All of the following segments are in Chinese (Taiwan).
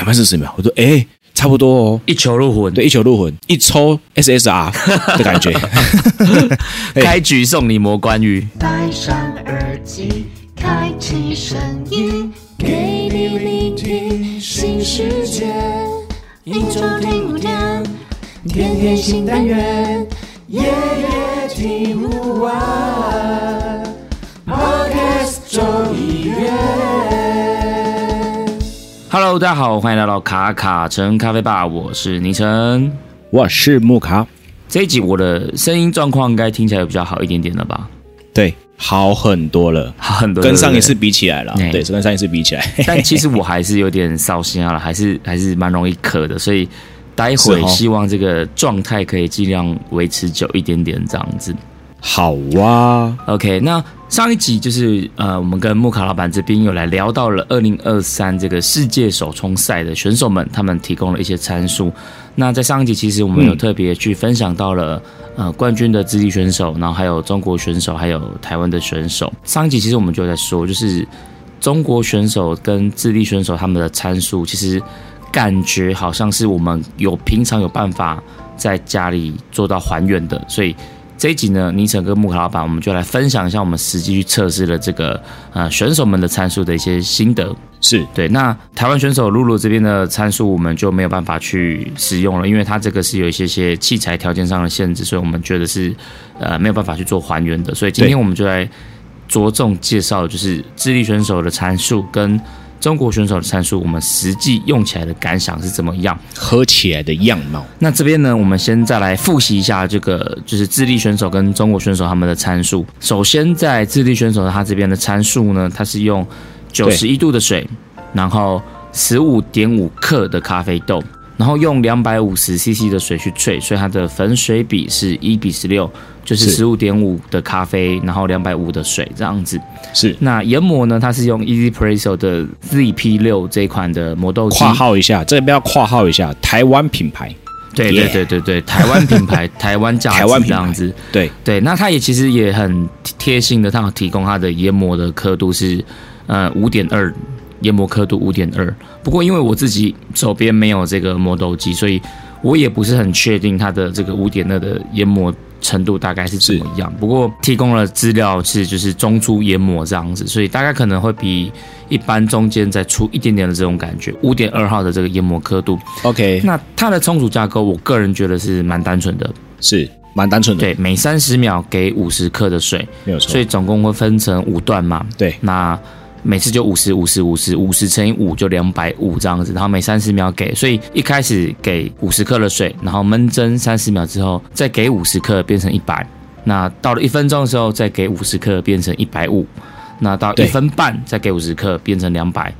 兩分四十秒，我說哎，差不多哦。一球入魂，對，一球入魂，一抽 SSR 的感覺。開局送你魔關羽。戴上耳機，開啟聲音，給你聆聽新世界。你總聽不聽？天天新單元，夜夜聽不完。啊啊啊 Hello，大家好，歡迎來到卡卡橙咖啡吧，我是倪橙，我是睦卡。這一集我的聲音狀況應該聽起來比較好一點點了吧？對，好很多了，好很多對對跟上一次比起來了，對，是跟上一次比起來。但其實我還是有點燒心啊， 還是還是蠻容易咳的，所以待會希望這個狀態可以盡量維持久一點點，這樣子。好哇、啊、，OK。那上一集就是呃，我們跟睦卡老板這邊有來聊到了二零二三這個世界手沖賽的選手們，他們提供了一些參數。那在上一集，其實我們有特別去分享到了、嗯、呃冠軍的智利選手，然後還有中國選手，還有台灣的選手。上一集其實我們就在說，就是中國選手跟智利選手他們的參數，其實感覺好像是我們有平常有辦法在家裡做到還原的，所以。這一集呢，倪橙跟睦卡老板，我們就來分享一下我們實際去測試的這個呃選手們的參數的一些心得。是對，那台灣選手露露這邊的參數我們就沒有辦法去使用了，因為他這個是有一些些器材條件上的限制，所以我們覺得是呃沒有辦法去做還原的。所以今天我們就來着重介紹，就是智利選手的參數跟。中國選手的參數，我們實際用起來的感想，是怎麼樣？喝起來的樣貌。那這邊呢，我們先再來複習一下這個，就是智利選手跟中國選手他們的參數。首先，在智利選手他這邊的參數呢，他是用九十一度的水，對然後十五點五克的咖啡豆。然後用兩百五十 CC 的水去萃，所以它的粉水比是一比十六，就是十五點五的咖啡，是然後兩百五的水這樣子。是。那研磨呢？它是用 Easypresso 的 ZP 六這一款的磨豆機。括號一下，這邊要括號一下，台灣品牌。對對對對對，對，台灣品牌， 台灣價，台灣品牌這樣子。對對，那它也其實也很貼心的，它提供它的研磨的刻度是呃五點二。研磨刻度五點二，不過因為我自己手邊沒有這個磨豆機，所以我也不是很確定它的這個五點二的研磨程度大概是怎麼樣。是不過提供了資料是就是中粗研磨這樣子，所以大概可能會比一般中間再粗一點點的這種感覺。五點二號的這個研磨刻度，OK。那它的沖煮架構，我個人覺得是蠻單純的，是蠻單純的。對，每三十秒給五十克的水，沒有錯。所以總共會分成五段嘛？對，那。每次就五十五十五十五十乘以五就兩百五這樣子，然後每三十秒給，所以一開始給五十克的水，然後燜蒸三十秒之後再給五十克變成一百，那到了一分鐘的時候再給五十克變成一百五，那到一分半再給五十克變成兩百，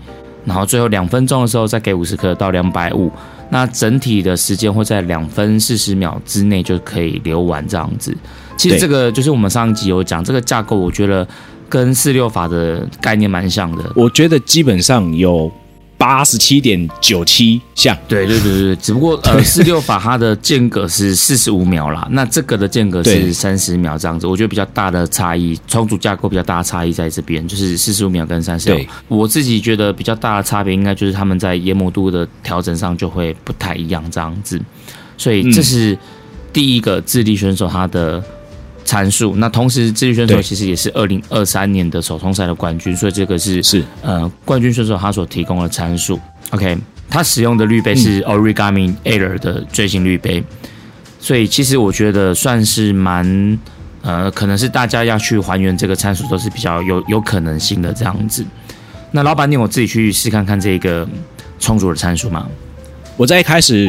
然後最後兩分鐘的時候再給五十克到兩百五，那整體的時間會在兩分四十秒之內就可以流完這樣子。其實這個就是我們上一集有講這個架構，我覺得。跟四六法的概念蠻像的，我覺得基本上有八十七點九七像。對對對對，只不過對呃，四六法它的間隔是四十五秒啦， 那這個的間隔是三十秒這樣子，對我覺得比較大的差異，沖煮架構比較大的差異在這邊，就是四十五秒跟三十秒。對我自己覺得比較大的差別，應該就是他們在研磨度的調整上就會不太一樣這樣子。所以這是第一個智利選手他的。參數。那同時，這位選手其實也是二零二三年的手沖賽的冠軍，對所以這個是是呃冠軍選手他所提供的參數。OK，他使用的濾杯是 Origami Air、er、的最新濾杯，嗯、所以其實我覺得算是蠻呃，可能是大家要去還原這個參數都是比較有有可能性的這樣子。那老板，你我自己去試看看這個沖煮的參數嗎？我在一開始。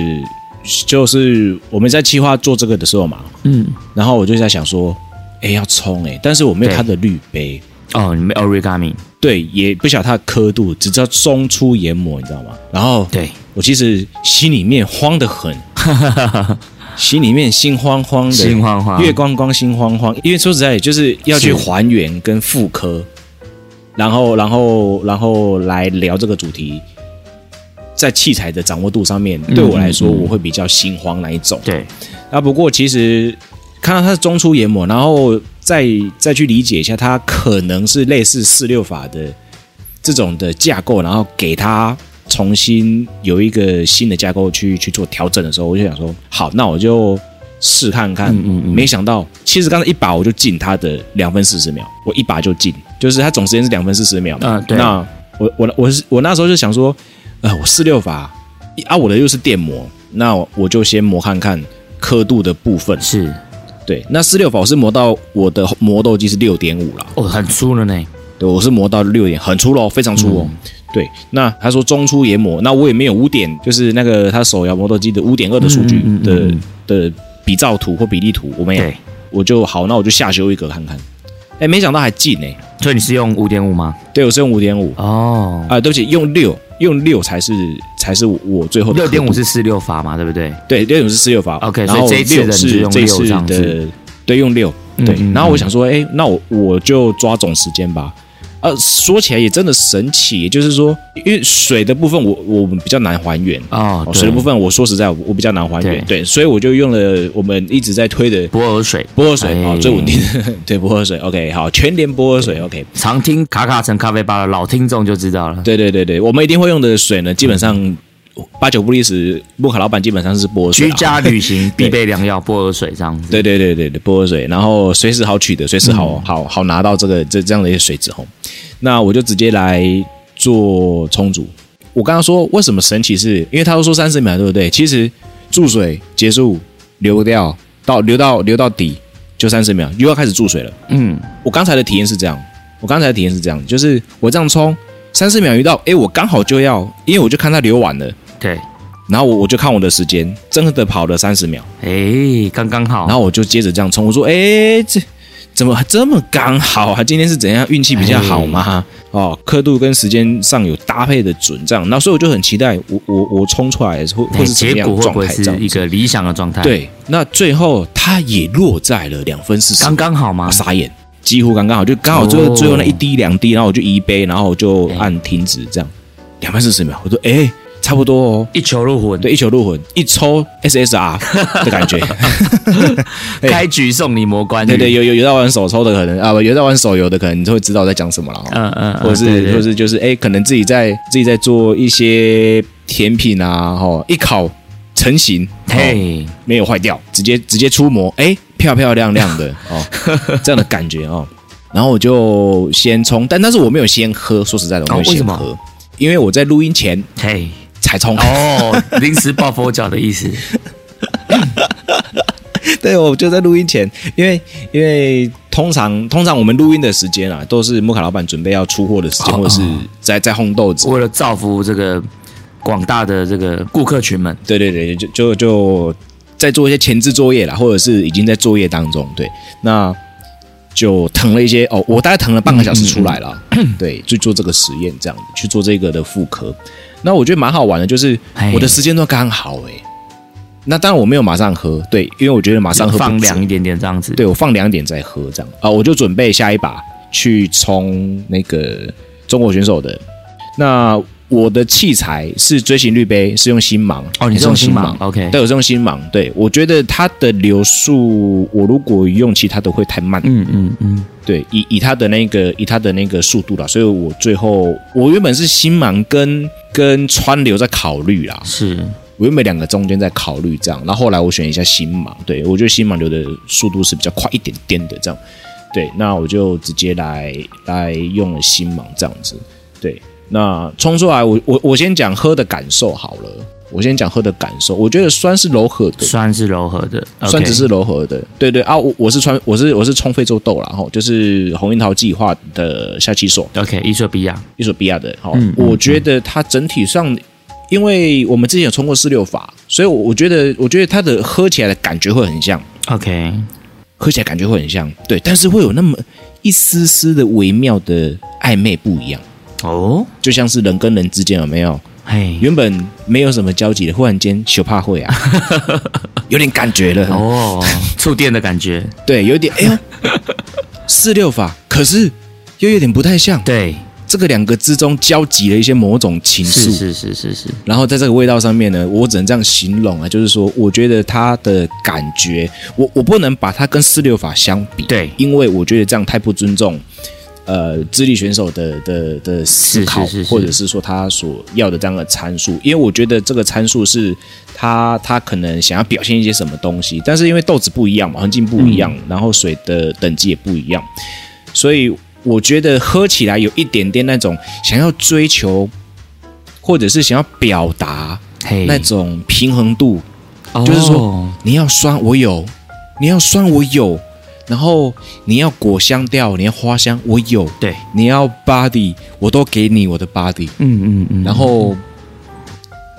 就是我們在計劃做這個的時候嘛，嗯，然後我就在想說，哎、欸，要沖哎、欸，但是我沒有他的濾杯哦，你沒有 Origami 對，也不曉得它的刻度，只知道中粗研磨，你知道嗎？然後對，我其實心裡面慌得很，哈哈哈，心裡面心慌慌的，心慌慌，月光光心慌慌，因為說實在也就是要去還原跟複刻是然，然後然後然後來聊這個主題。在器材的掌握度上面，嗯嗯嗯，對我來說我會比較心慌那一種。對，那、啊，不過其實看到它是中粗研磨，然後再再去理解一下，它可能是類似四六法的這種的架構，然後給它重新有一個新的架構去去做調整的時候，我就想說，好，那我就試看看。嗯嗯嗯，沒想到，其實剛才一把我就進它的兩分四十秒，我一把就進，就是它總時間是兩分四十秒嘛。嗯、啊，對、啊。那我我我是我那時候就想說。啊、呃，我四六法，啊，我的又是電磨，那我就先磨看看刻度的部分。是，對，那四六法我是磨到我的磨豆機是六點五了。哦，很粗了呢。對，我是磨到六點，很粗嘍、哦，非常粗哦。嗯、對，那他說中粗研磨，那我也沒有五點，就是那個他手搖磨豆機的五點二的數據的嗯嗯嗯的比照圖或比例圖，我沒有，對我就好，那我就下修一格看看。哎、欸，沒想到還近呢，欸。所以你是用五點五嗎？對，我是用五點五哦。啊、oh. 呃，對不起，用六，用六才是才是我最後的。六點五是四六法嘛，對不對？對，六點五是四六法。OK，6 所以這一次是這，這一次的，對，用六。對，嗯嗯然後我想說，哎、欸，那我我就抓總時間吧。呃、啊，說起來也真的神奇，就是說，因為水的部分，我我們比較難還原啊。水的部分，我說實在，我比較難還原。對，所以我就用了我們一直在推的波爾水，波爾水啊、哎呀 哦，最穩定的、哎、呀 對，波爾水。OK，好，全聯波爾水。對 OK，常聽卡卡橙咖啡吧的老聽眾就知道了。對對對對，我們一定會用的水呢，基本上。嗯八九不離十，睦卡老闆基本上是波爾水、啊，居家旅行必備良藥， 對波爾水這樣子。對對對對對，波爾水，然後隨時好取得，隨時好、嗯、好好拿到這個這這樣的一些水質、哦。那我就直接來做沖煮。我剛剛說為什麼神奇是，是因為他都說三十秒，對不對？其實注水結束流掉到流到流到底就三十秒，又要開始注水了。嗯，我剛才的體驗是這樣，我剛才的體驗是這樣，就是我這樣衝三十秒，一到哎，我剛好就要，因為我就看他流完了。對，然後我我就看我的時間，真的跑了三十秒，哎、欸，剛剛好。然後我就接着這樣沖，我說，哎、欸，這怎麼這麼剛好啊？今天是怎樣運氣比較好嗎？欸、哦，刻度跟時間上有搭配的準，這樣。那所以我就很期待我，我我我沖出來的時候是樣、欸、結果會是一個理想的狀態。對，那最後它也落在了兩分四十，剛剛好嗎、哦？傻眼，幾乎剛剛好，就剛好最後、哦、最後那一滴兩滴，然後我就一杯，然後就按停止，這樣兩分四十秒，我說，哎、欸。差不多哦，一球入魂，對，一球入魂，一抽 S S R 的感覺。 開局送你魔關、欸，對對，有有有在玩手抽的可能啊，有在玩手遊的可能，你就會知道在講什麼了、哦嗯。嗯嗯，或者是，或是，就是哎，可能自己在自己在做一些甜品啊，哦，一烤成型，嘿、哦，Hey 沒有壞掉，直接直接出模，哎、欸，漂漂亮亮的 哦，這樣的感覺哦。然後我就先沖，但但是我沒有先喝，說實在的、哦，為什麼？因為我在錄音前，嘿、hey。還衝哦！臨時抱佛腳的意思。 對，我就在錄音前，因為因為通常通常我們錄音的時間啊，都是睦卡老板準備要出貨的時間，哦、或者是在在烘豆子，為了造福這個廣大的這個顧客群們。對對對，就就就在做一些前置作業了，或者是已經在作業當中。對，那就騰了一些哦，我大概騰了半個小時出來了。嗯嗯嗯對，就做這個實驗，這樣子去做這個的復刻。那我覺得蠻好玩的，就是我的時間都剛好哎、欸。嘿那當然我沒有馬上喝，對，因為我覺得馬上喝，放涼一點點這樣子。對，我放涼點再喝這樣啊、呃，我就準備下一把去衝那個中國選手的那。我的器材是錐形濾杯，是用星芒。哦，你是用星芒，OK，我是用星芒。OK 對，我覺得它的流速，我如果用其他都會太慢。嗯嗯嗯，嗯嗯，對，以以它的那個以它的那個速度啦，所以我最後，我原本是星芒跟跟川流在考慮啦。是，我原本兩個中間在考慮這樣，然後後來我選一下星芒，對，我覺得星芒流的速度是比較快一點點的這樣。對，那我就直接來來用星芒這樣子，對。那沖出來我，我我我先講喝的感受好了。我先講喝的感受，我覺得酸是柔和的，酸是柔和的，Okay. 酸只是柔和的。對對啊，我我是穿，我是我是沖非洲豆了哈，哦，就是紅櫻桃計劃的夏奇索，OK，衣索比亞，衣索比亞的。好，哦，嗯、我覺得它整體上，嗯、因為我們之前有沖過四六法，所以我，我覺得我覺得它的喝起來的感覺會很像，OK，、嗯、喝起來感覺會很像，對，但是會有那麼一絲絲的微妙的曖昧不一樣。哦，oh? 就像是人跟人之間有沒有？哎，Hey. 原本沒有什麼交集的，忽然間小怕會啊， 有點感覺了哦，觸、oh, 電的感覺， 對，有點哎呀四六法，可是又有點不太像。對、啊，這個兩個之中交集了一些某種情緒，是，是是是是是。然後在這個味道上面呢，我只能這樣形容啊，就是說，我覺得它的感覺，我我不能把它跟四六法相比，對，因為我覺得這樣太不尊重。呃，智利選手的的的思考，是是是是或者是說他所要的這樣的參數，是是是因為我覺得這個參數是他他可能想要表現一些什麼東西，但是因為豆子不一樣嘛，環境不一樣，嗯、然後水的等級也不一樣，所以我覺得喝起來有一點點那種想要追求，或者是想要表達那種平衡度，Hey 就是說、oh、你要酸我有，你要酸我有。然後你要果香調，你要花香，我有。對，你要 body，我都給你我的 body 嗯。嗯嗯嗯。然後，嗯、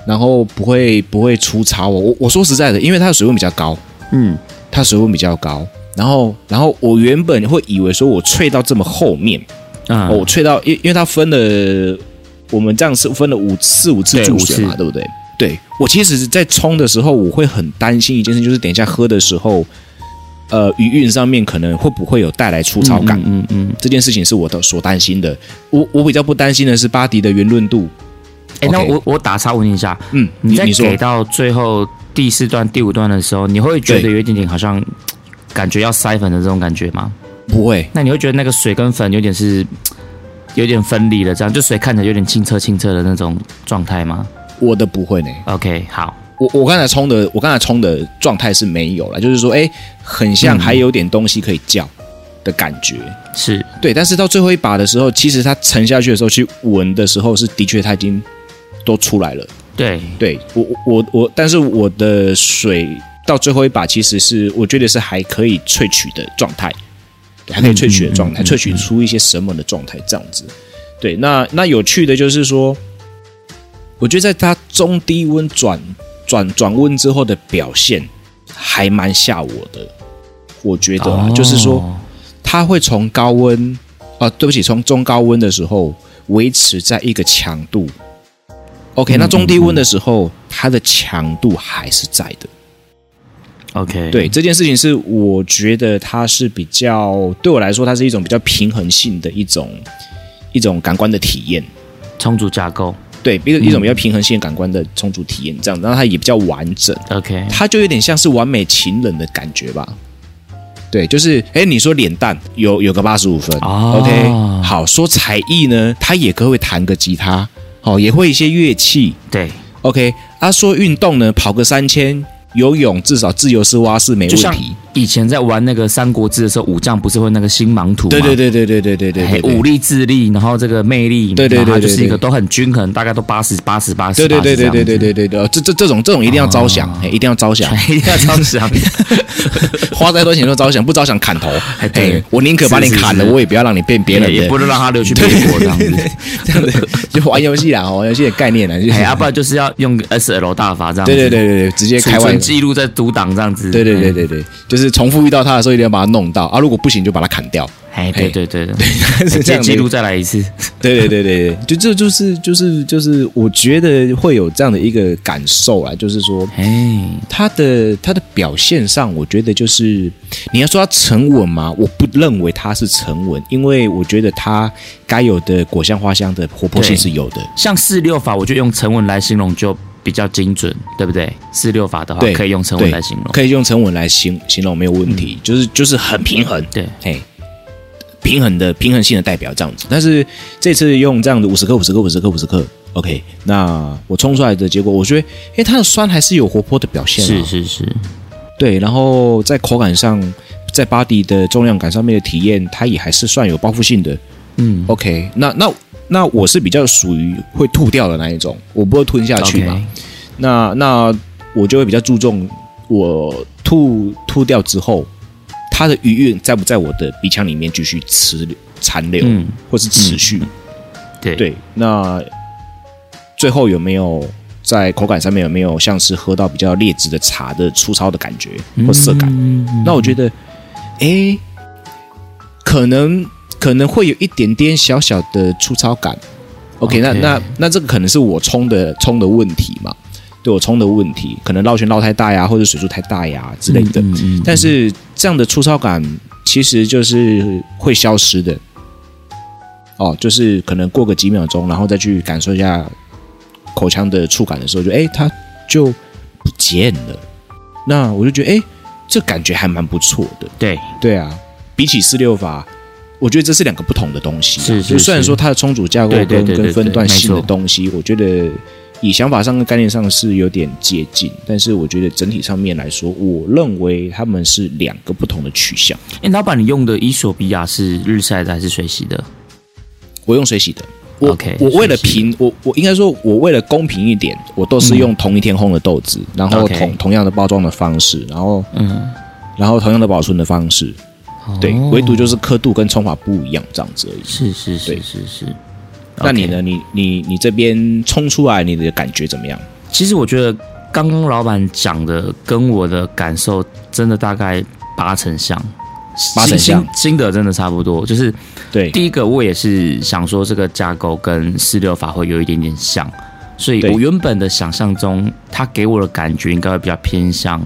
然後不會不會粗糙我。我我我說實在的，因為它的水溫比較高。嗯，它水溫比較高。然後，然後我原本會以為說我萃到這麼後面，啊，我萃到，因因為它分了，我們這樣是分了五四五次注水嘛，對，對，對不對？是對。我其實，在沖的時候，我會很擔心一件事，就是等一下喝的時候。呃，餘韻上面可能會不會有帶來粗糙感？嗯嗯，嗯嗯嗯這件事情是我的所擔心的。我我比較不擔心的是 Body 的圓潤度。哎、欸，Okay 那我我打岔問一下，嗯，你在你你給到最後第四段、第五段的時候，你會覺得有一點點好像感覺要塞粉的這種感覺嗎？不會對。那你會覺得那個水跟粉有點是有點分離的，這樣就水看起來有點清澈清澈的那種狀態嗎？我的不會呢。OK，好。我我剛才沖的，我剛才沖的狀態是沒有了，就是說，哎、欸，很像還有點東西可以叫的感覺，嗯、是對。但是到最後一把的時候，其實它沉下去的時候，去聞的時候是，是的確它已經都出來了。對，對我我我，但是我的水到最後一把，其實是我覺得是還可以萃取的狀態，還可以萃取的狀態，嗯嗯嗯、萃取出一些什麼的狀態，這樣子。對，那那有趣的就是說，我覺得在它中低溫轉。轉轉溫之後的表現還蠻嚇我的，我覺得啊、oh. 就是說，它會從高溫啊，對不起，從中高溫的時候維持在一個強度。OK，嗯嗯嗯，那中低溫的時候，它的強度還是在的。OK，對，這件事情是我覺得它是比較對我來說，它是一種比較平衡性的一種一種感官的體驗，沖煮架構。對，比如一種比較平衡性感官的充足體驗，這樣，然後它也比較完整。OK，它就有點像是完美情人的感覺吧？對，就是，哎，你說臉蛋有有個八十五分，oh，OK，好，說才藝呢，他也可會彈個吉他，哦，也會一些樂器，對，OK，啊，說運動呢，跑個三千，游泳至少自由式蛙式沒問題。以前在玩那個《三國志》的時候，武將不是會那個星芒圖嗎？對對對對對對對對，武力、智力，然後這個魅力，對對對，就是一個都很均衡，大概都八十八十八。對對對對對對對對對，這這這種這種一定要招降，一定要招降，一定要招降。花再多錢都招降，不招降砍頭。我寧可把你砍了，我也不要讓你變別人。也不能讓他溜去美國這樣子，就玩遊戲啦，玩遊戲的概念啦，要不然就是要用 S L 大法這樣子。對對對對對，直接開完記錄再讀檔這樣子。對對對對對，就是。是重複遇到他的時候，一定要把它弄到啊！如果不行，就把它砍掉。哎嘿，嘿對對對對，對，是這樣，記錄再來一次。對對對對對， 就這就是就是就是，就是就是、我覺得會有這樣的一個感受啊，就是說，哎嘿，他的他的表現上，我覺得就是你要說他沉穩嘛，我不認為他是沉穩，因為我覺得他該有的果香花香的活潑性是有的。像四六法，我就用沉穩來形容就。比較精準，對不對？四六法的話，對可以用沉穩來形容，可以用沉穩來形形容沒有問題，嗯、就是就是很平衡，對，平衡的平衡性的代表這樣子。但是這次用這樣的五十克、五十克、五十克、五十克，OK。那我沖出來的結果，我覺得，哎、欸，它的酸還是有活潑的表現、啊，是是是，對。然後在口感上，在 body 的重量感上面的體驗，它也還是算有包覆性的，嗯，OK 那。那那。那我是比較屬於會吐掉的那一種，我不會吞下去嘛。Okay. 那那我就會比較注重我吐吐掉之後，它的餘韻在不在我的鼻腔裡面繼續持殘留、嗯、或是持續。嗯嗯、對對，那最後有沒有在口感上面有沒有像是喝到比較劣質的茶的粗糙的感覺或澀感？嗯嗯嗯、那我覺得，哎、欸，可能。可能會有一點點小小的粗糙感，OK，, okay 那那那這個可能是我沖的沖的問題嘛？對我沖的問題，可能繞圈繞太大呀，或者水柱太大呀之類的。嗯嗯嗯嗯，但是這樣的粗糙感其實就是會消失的。哦，就是可能過個幾秒鐘，然後再去感受一下口腔的觸感的時候，就哎，它就不見了。那我就覺得哎，這感覺還蠻不錯的。對對啊，比起四六法。我覺得這是兩個不同的東西。是,是是。雖然說它的沖煮架構跟對對對對對跟分段性的東西，錯我覺得以想法上跟概念上是有點接近，但是我覺得整體上面來說，我認為他們是兩個不同的取向。哎、欸，老板，你用的伊索比亞是日曬的還是水洗的？我用水洗的。OK。我為了平，我我應該說，我為了公平一點，我都是用同一天烘的豆子，嗯、然後同 Okay 同樣的包裝的方式，然後嗯，然後同樣的保存的方式。對，唯獨就是刻度跟沖法不一樣這樣子而已。是是是，對是是是，那你呢？Okay 你你你這邊沖出來，你的感覺怎麼樣？其實我覺得剛剛老闆講的跟我的感受真的大概八成像，八成像心得真的差不多。就是對，第一個我也是想說這個架構跟四六法會有一點點像，所以我原本的想象中，它給我的感覺應該會比較偏向。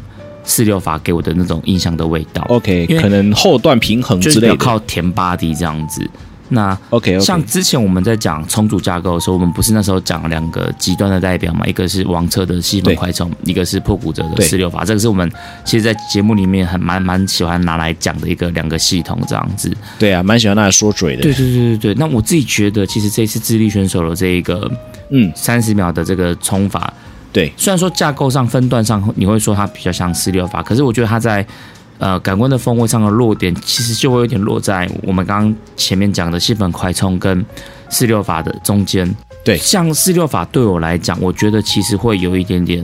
四六法給我的那種印象的味道，OK，為可能後段平衡之類的就是要靠填八 D 這樣子。那 OK，, okay. 像之前我們在講沖煮架構的時候，我們不是那時候講兩個極端的代表嘛？一個是王策的系統快沖，對一個是粕谷哲的四六法。對這個是我們其實，在節目裡面很蠻蠻喜歡拿來講的一個兩個系統這樣子。對啊，蠻喜歡拿來說嘴的。對對對對對。那我自己覺得，其實這一次智利選手的這一個，嗯，三十秒的這個沖法。嗯對，雖然說架構上分段上，你會說它比較像四六法，可是我覺得它在，呃，感官的風味上的落點，其實就會有點落在我們剛剛前面講的細粉快沖跟四六法的中間。對，像四六法對我來講，我覺得其實會有一點點，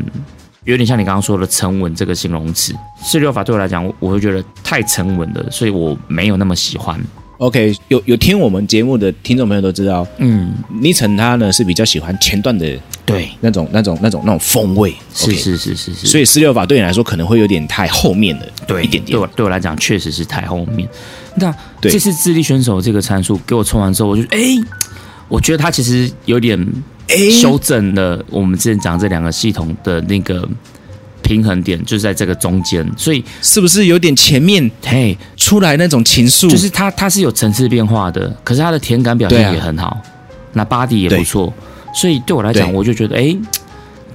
有點像你剛剛說的沉穩這個形容詞。四六法對我來講，我會覺得太沉穩了，所以我沒有那麼喜歡。OK，有有聽我們節目的聽眾朋友都知道，嗯尼 i 他呢是比較喜歡前段的，對那，那種那種那種那種風味，對 okay 是是是是是，所以四六法對你來說可能會有點太後面的，對，一點點，對我對我來講確實是太後面。那對這次智力選手這個參數給我沖完之後，我就哎，我覺得他其實有點修正了我們之前講這兩個系統的那個。平衡點就是，在這個中間，所以是不是有點前面嘿出來那種情愫？就是它它是有層次變化的，可是它的甜感表現也很好，那 body 也不錯，對所以對我來講，我就覺得哎對、欸，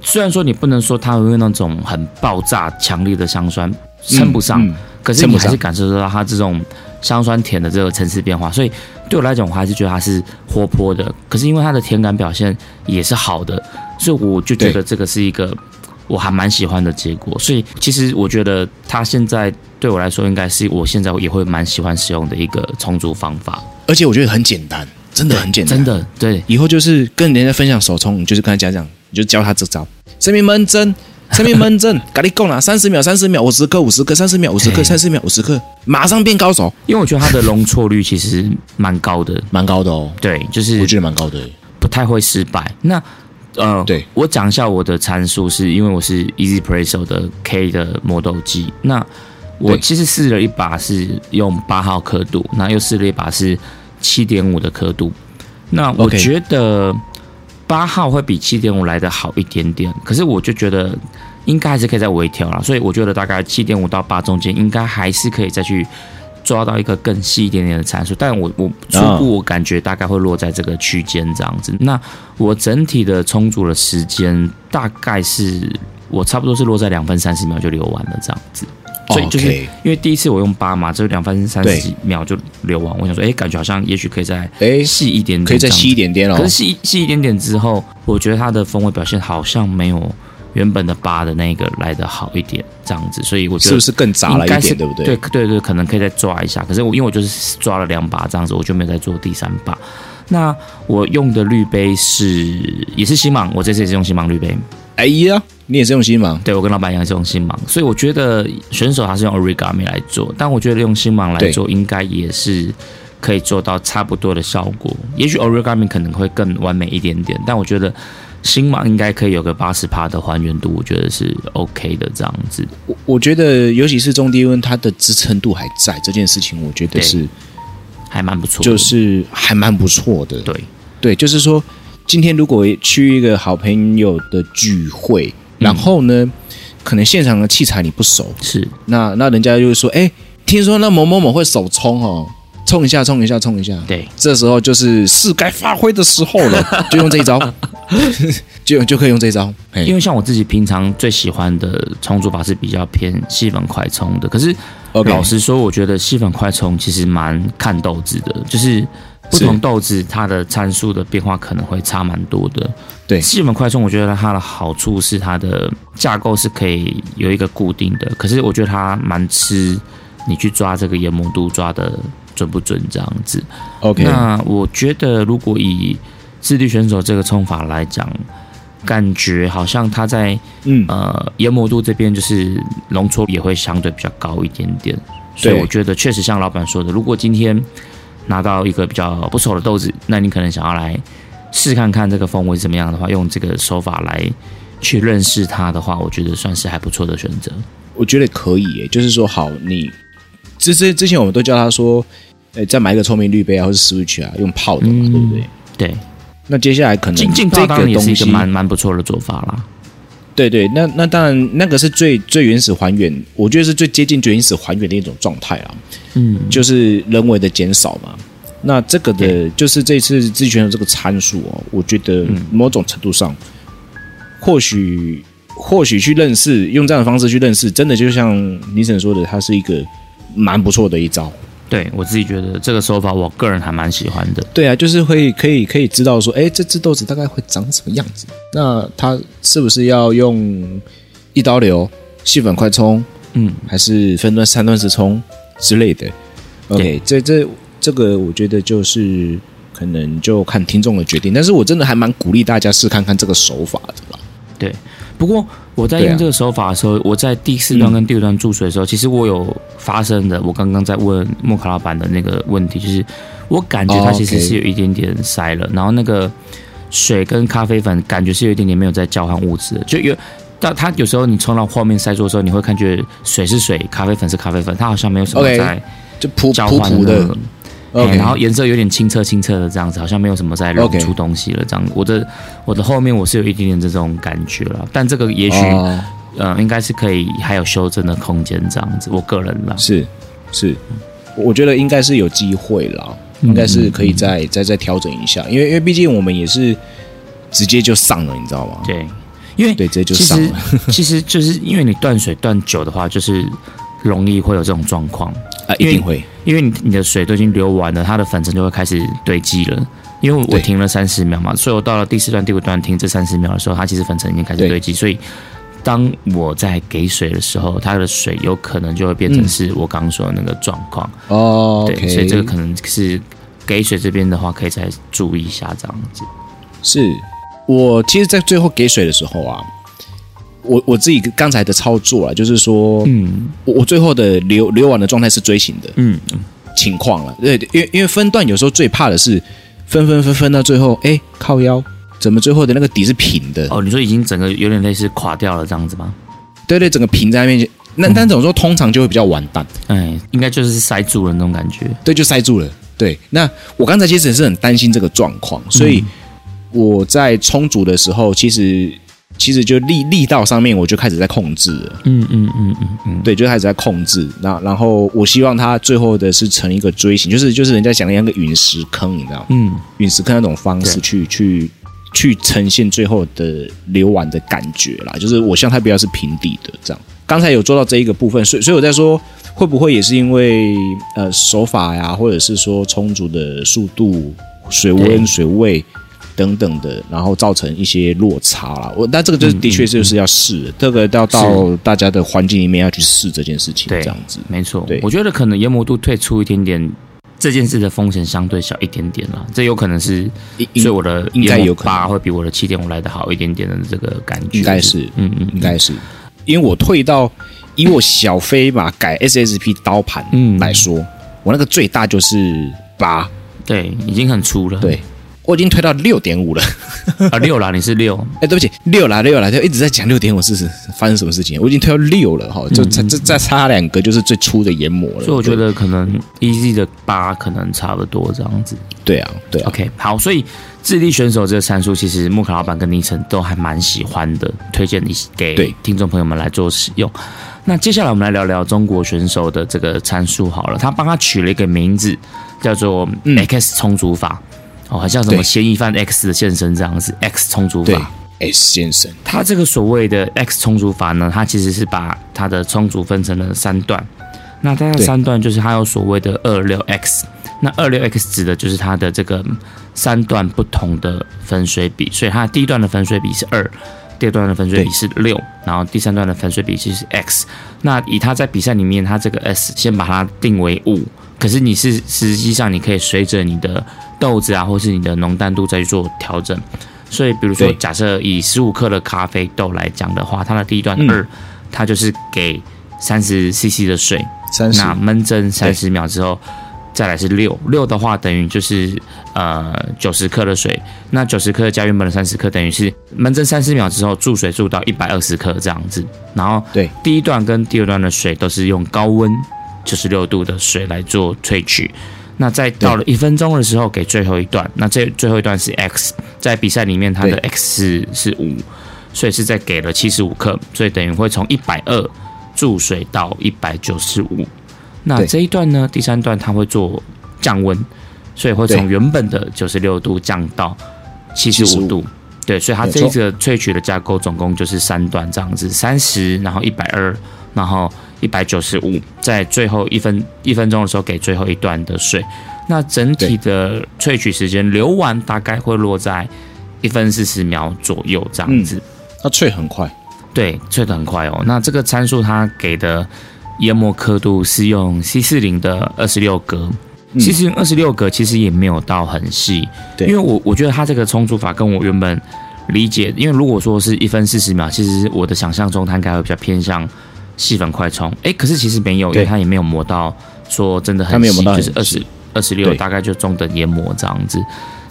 雖然說你不能說它用那種很爆炸強烈的香酸，稱不上，嗯嗯、可是你還是感受得到它這種香酸甜的這個層次變化。所以對我來講，我還是覺得它是活潑的，可是因為它的甜感表現也是好的，所以我就覺得這個是一個。我還蠻喜歡的結果，所以其實我覺得他現在對我來說應該是我現在也會蠻喜歡使用的一個沖煮方法，而且我覺得很簡單，真的很簡單，欸、真的對。以後就是跟人家分享手沖，你就是跟他講講，你就教他這招，上面悶蒸，上面悶蒸，咖喱夠了，三十秒，三十秒，五十克，五十克，三十秒，五十克，三十秒，五十克，馬上變高手。因為我覺得它的容錯率其實蠻高的，蠻高的哦。對，就是我覺得蠻高的，不太會失敗。那嗯，呃、對我講一下我的參數，是因為我是 1Zpresso 的 K 的磨豆機。那我其實試了一把是用八號刻度，那又試了一把是七點五的刻度。那我覺得八號會比七點五來的好一點點，可是我就覺得應該還是可以再微調啦。所以我覺得大概七點五到八中間，應該還是可以再去。抓到一個更細一點點的參數，但我我初步我感覺大概會落在這個區間這樣子。那我整體的沖煮的時間大概是我差不多是落在兩分三十秒就流完了這樣子。Okay. 所以就是因為第一次我用八嘛，就兩分三十秒就流完。對我想說，哎，感覺好像也許可以再細一點點，可以再細一點點哦。可是細細一點點之後，我覺得它的風味表現好像沒有。原本的八的那個來的好一點，這樣子，所以我覺得是不是更雜了一點，對不對？對對對，可能可以再抓一下。可是我因為我就是抓了兩把這樣子，我就沒有再做第三把。那我用的濾杯是也是星芒，我這次也是用星芒濾杯。哎呀，你也是用星芒？對，我跟老板一樣是用星芒，所以我覺得選手他是用 Origami 來做，但我覺得用星芒來做應該也是可以做到差不多的效果。對也許 Origami 可能會更完美一點點，但我覺得。新馬應該可以有個八十趴的還原度，我覺得是 OK 的這樣子。我我覺得，尤其是中低溫，它的支撐度還在這件事情，我覺得是還蠻不錯，就是還蠻不錯的。對對，就是說，今天如果去一個好朋友的聚會，然後呢，嗯、可能現場的器材你不熟，是那那人家就會說，誒、欸、聽說那某某某會手沖哦。沖一下，沖一下，沖一下。對，這時候就是是該發揮的時候了， 就用這一招， 就就可以用這一招。因為像我自己平常最喜歡的沖煮法是比較偏細粉快沖的，可是老實說，我覺得細粉快沖其實蠻看豆子的，就是不同豆子它的參數的變化可能會差蠻多的。對，細粉快沖我覺得它的好處是它的架構是可以有一個固定的，可是我覺得它蠻吃你去抓這個研磨度抓的。準不準這樣子？OK，那我覺得如果以智利選手這個沖法來講，感覺好像他在嗯呃研磨度這邊就是容錯也會相對比較高一點點，對所以我覺得確實像老闆說的，如果今天拿到一個比較不錯的豆子，那你可能想要來試看看這個風味怎麼樣的話，用這個手法來去認識它的話，我覺得算是還不錯的選擇。我覺得可以、欸、就是說好，你之之之前我們都叫他說。欸、再買一個聰明濾杯啊，或是 Switch 啊，用泡的嘛，嗯、對不對？對。那接下來可能近近這一個東西是蠻蠻不錯的做法啦。對，對對，那那當然，那個是最最原始還原，我覺得是最接近最原始還原的一種狀態啦。嗯，就是人為的減少嘛。嗯、那這個的對就是這次資訊的這個參數哦，我覺得某種程度上，嗯、或許或許去認識，用這樣的方式去認識，真的就像倪橙說的，它是一個蠻不錯的一招。對我自己覺得這個手法，我個人還蠻喜歡的。對啊，就是會可以可以知道說，哎，這隻豆子大概會長什麼樣子？那它是不是要用一刀流細粉快沖？嗯，還是分段三段式沖之類的？OK，對這這這個我覺得就是可能就看聽眾的決定。但是我真的還蠻鼓勵大家試看看這個手法的吧？對。不過我在用這個手法的時候，我在第四段跟第五段注水的時候，其實我有發生的。我剛剛在問睦卡老闆的那個問題，就是我感覺它其實是有一點點塞了，然後那個水跟咖啡粉感覺是有一點點沒有在交換物質的，就有，但它有時候你沖到後面塞住的時候，你會感覺水是水，咖啡粉是咖啡粉，它好像沒有什麼在交換 okay, 就普普普,普的。Yeah, Okay. 然後顏色有點清澈、清澈的這樣子，好像沒有什麼在溶出東西了這樣子。Okay. 我的我的後面我是有一點點這種感覺了，但這個也許嗯、oh. 呃，應該是可以還有修正的空間這樣子。我個人啦，是是，我覺得應該是有機會了，應該是可以再、嗯、再再調整一下，因為因為畢竟我們也是直接就上了，你知道嗎？對，因為對直接就上了，其實， 其實就是因為你斷水斷久的話，就是容易會有這種狀況。啊，一定會，因為你你的水都已經流完了，它的粉塵就會開始堆積了。因為我停了三十秒嘛，對所以我到了第四段、第五段停這三十秒的時候，它其實粉塵已經開始堆積。對所以當我在給水的時候，它的水有可能就會變成是我剛剛說的那個狀況。哦、嗯，對，oh, okay 所以這個可能是給水這邊的話，可以再注意一下這樣子。是我其實，在最後給水的時候啊。我我自己剛才的操作啊，就是說，嗯，我我最後的流流完的狀態是錐形的，嗯，情況了，對，因為因為分段有時候最怕的是分分分分到最後，誒、欸，靠腰，怎麼最後的那個底是平的？哦，你說已經整個有點類似垮掉了這樣子嗎？對，對對，整個平在面前，那那、嗯、怎麼說？通常就會比較完蛋，哎、嗯，應該就是塞住了那種感覺，對，就塞住了，對。那我剛才其實也是很擔心這個狀況，所以我在沖煮的時候、嗯、其實。其實就力力道上面，我就開始在控制了嗯。嗯嗯嗯嗯嗯，嗯嗯對，就開始在控制。那然，然後我希望它最後的是成一個錐形，就是就是人家講的樣，那個隕石坑，你知道嗎？嗯，隕石坑那種方式去對去去呈現最後的流完的感覺啦，就是我希望它不要是平底的這樣。剛才有做到這一個部分，所以所以我在說會不會也是因為呃手法呀，或者是說充足的速度、水溫、對水位。等等的，然後造成一些落差了。我，那這個就是的確就是要試，這個要到大家的環境裡面要去試這件事情，這樣子。沒錯，我覺得可能研磨度退出一點點，這件事的風險相對小一點點了。這有可能是，所以我的應該有八會比我的七點五來的好一點點的這個感覺，應該是，嗯嗯，應該是，因為我退到，以我小飛嘛改 SSP 刀盤來說，我那個最大就是八，對，已經很粗了，對。我已經推到六點五了 啊，六了，你是六？哎、欸，對不起，六了，六了，就一直在講六點五，是發生什麼事情？我已經推到六了哈，嗯、就差再再差兩個，就是最粗的研磨了。所以我覺得可能 EZ 的八可能差不多這樣子。對啊，對啊，OK，好，所以智利選手這個參數其實睦卡老板跟倪橙都還蠻喜歡的，推薦你給聽眾朋友們來做使用。對那接下來我們來聊聊中國選手的這個參數好了，他幫他取了一個名字叫做 X 沖煮法。嗯哦，好像什麼嫌疑犯 X 的現身這樣子對，X 沖煮法，S 現身。他這個所謂的 X 沖煮法呢，他其實是把他的沖煮分成了三段。那它的三段就是他有所謂的二六 X。那二六 X 指的就是它的這個三段不同的粉水比。所以它第一段的粉水比是二，第二段的粉水比是六對，然後第三段的粉水比其實是 X。那以他在比賽裡面，他這個 S 先把它定為五，可是你是實際上你可以隨着你的。豆子啊，或是你的濃淡度再去做調整。所以，比如說，對假設以十五克的咖啡豆來講的話，它的第一段二、嗯，它就是給三十 CC 的水，三十，那悶蒸三十秒之後，對再來是六六的話，等於就是呃九十克的水，那九十克加原本的三十克，等於是悶蒸三十秒之後注水注到一百二十克這樣子。然後，對第一段跟第二段的水都是用高溫九十六度的水來做萃取。那在到了一分鐘的時候給最後一段，對那這最後一段是 X，在比賽裡面它的 X 是五對，所以是在給了七十五克，所以等於會從一百二注水到一百九十五。對那這一段呢，第三段它會做降溫，所以會從原本的九十六度降到七十五度。對, 75, 對，所以它這一個萃取的架構總共就是三段這樣子，三十，然後一百二。然後一百九十五，在最後一分一分鐘的時候給最後一段的水，那整體的萃取時間流對完大概會落在一分四十秒左右這樣子。嗯，它萃很快，對，萃的很快哦。那這個參數它給的研磨刻度是用 C 四零的二十六格，其實二十六格其實也沒有到很細。對因為我我覺得它這個沖煮法跟我原本理解，因為如果說是一分四十秒，其實我的想象中它應該會比較偏向。細粉快沖，哎、欸，可是其實沒有，因為它也沒有磨到說真的很細，他沒有磨到很細，就是二十二十六，大概就中等研磨這樣子。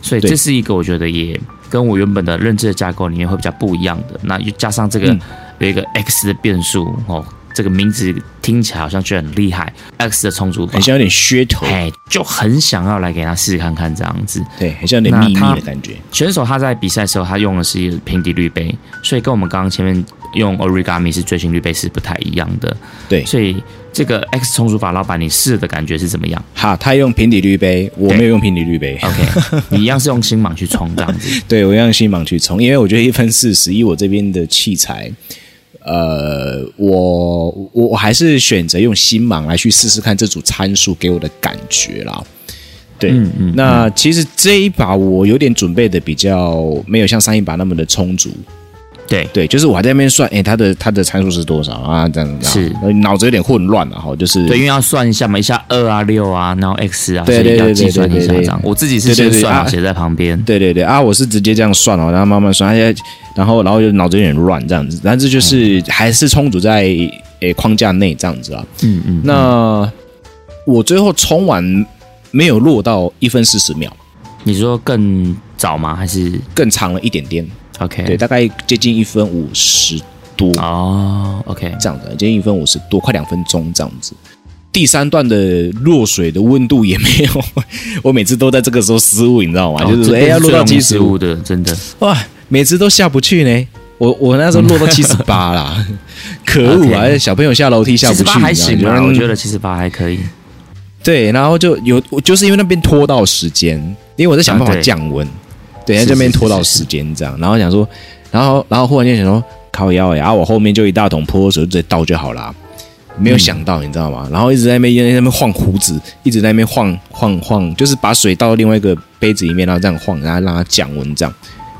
所以這是一個我覺得也跟我原本的認知的架構裡面會比較不一樣的。那又加上這個、嗯、有一個 X 的變數哦、喔，這個名字聽起來好像覺得很厲害，X 的沖煮法，很像有點噱頭，哎、欸，就很想要來給他試試看看這樣子。對，很像有點秘密的感覺。選手他在比賽的時候他用的是一個平底濾杯，所以跟我們剛剛前面。用 Origami 是最新濾杯是不太一樣的，對，所以這個 X 沖煮法，老闆你試的感覺是怎麼樣？好，他用平底濾杯，我沒有用平底濾杯。OK， 你一樣是用星芒去沖這樣子？對，我用星芒去沖，因為我覺得一分四十，以我這邊的器材，呃，我我我還是選擇用星芒來去試試看這組參數給我的感覺啦。對，嗯嗯、那其實這一把我有點準備的比較沒有像上一把那麼的充足。對對，就是我還在那邊算，哎、欸，他的他的參數是多少啊？這樣子這樣是腦子有點混亂了哈。就是對，因為要算一下嘛，一下二啊六啊，然後 x 啊，所以要計算一下這樣。我自己是先算啊，寫在旁邊。對對對啊，我是直接這樣算哦，然後慢慢算，而、啊、且然後然後，然後就腦子有點亂這樣子。但是就是、嗯、還是充足在誒、欸、框架內這樣子啊。嗯，嗯嗯。那我最後衝完沒有落到一分四十秒？你說更早嗎？還是更長了一點點？OK，對，大概接近一分五十多哦 OK，這樣子，接近一分五十多，快兩分鐘這樣子。第三段的落水的溫度也沒有，我每次都在這個時候失誤，你知道嗎？就是哎呀，落到七十五度的，真的哇，每次都下不去呢。我我那時候落到七十八啦，可惡啊！小朋友下樓梯下不去，還行啊，我覺得七十八還可以。對，然後就有，就是因為那邊拖到時間，因為我在想辦法降溫。等下這邊拖到時間這樣，是是是是是，然後想說，然後然後忽然間想說靠腰呀、欸，然、啊、後我後面就一大桶潑水就直接倒就好啦。沒有想到、嗯、你知道嗎？然後一直在那邊在那邊晃鬍子，一直在那邊晃晃晃，就是把水倒到另外一個杯子裡面，然後這樣晃，然後讓它降溫這樣，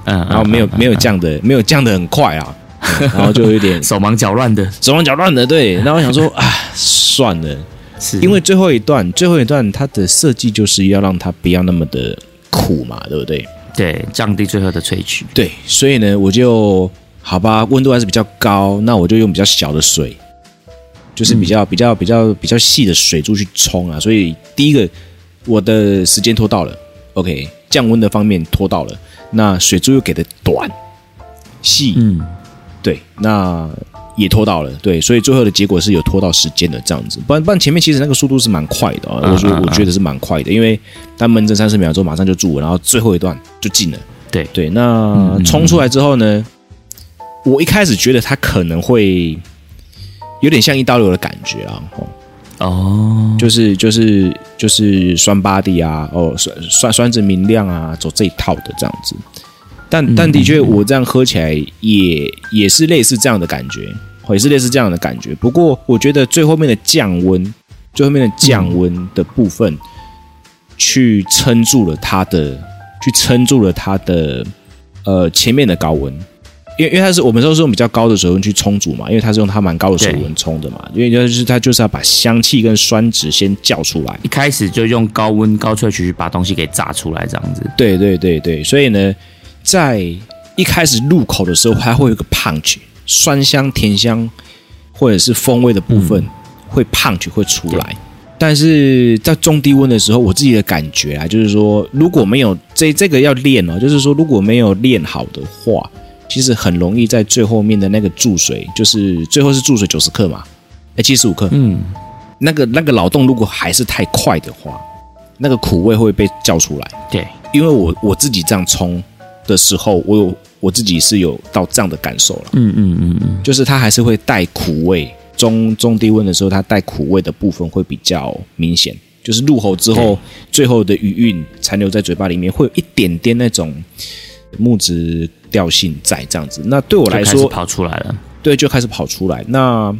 嗯，然後沒有沒有降的沒有降的很快啊，然後就有點手忙腳亂的手忙腳亂的對，然後我想說啊算了，是因為最後一段最後一段它的設計就是要讓它不要那麼的苦嘛，對不對？對，降低最後的萃取。對，所以呢，我就好吧，溫度還是比較高，那我就用比較小的水，就是比較、嗯、比較比較比較細的水柱去沖啊。所以第一個，我的時間拖到了，OK，降溫的方面拖到了，那水柱又給的短細，嗯，對，那。也拖到了，對，所以最後的結果是有拖到時間的這樣子，不然不然前面其實那個速度是蠻快的。哦，我說、啊啊啊啊，我覺得是蠻快的，因為他悶蒸三十秒之後馬上就注，然後最後一段就進了，對對，那、嗯、沖出來之後呢，我一開始覺得他可能會有點像一刀流的感覺啊，哦、就是，就是就是就是酸巴蒂啊，哦酸酸酸質明亮啊，走這一套的這樣子。但但的確，我這樣喝起來也也是類似這樣的感覺，也是類似這樣的感覺。不過，我覺得最後面的降溫，最後面的降溫的部分，嗯、去撐住了它的，去撐住了它的，呃，前面的高溫。因為因為它是我們都是用比較高的水溫去沖煮嘛，因為它是用它蠻高的水溫沖的嘛，對因為就是它就是要把香氣跟酸質先叫出來，一開始就用高溫高萃取去把東西給炸出來，這樣子。對對對對，所以呢。在一開始入口的時候，還會有一個 punch，酸香、甜香，或者是風味的部分、嗯、會 punch 會出來。對但是在中低溫的時候，我自己的感覺啊，就是說如果沒有這這個要練哦，就是說如果沒有練好的話，其實很容易在最後面的那個注水，就是最後是注水九十克嘛，哎七十五克，嗯、那個，那個那個勞動如果還是太快的話，那個苦味會被叫出來。對，因為我我自己這樣沖。的時候，我有我自己是有到這樣的感受了。嗯嗯嗯嗯，嗯嗯，就是它還是會帶苦味，中中低溫的時候，它帶苦味的部分會比較明顯。就是入喉之後，對最後的餘韻殘留在嘴巴裡面，會有一點點那種木質調性在這樣子。那對我來說，就跑出來了，對，就開始跑出來。那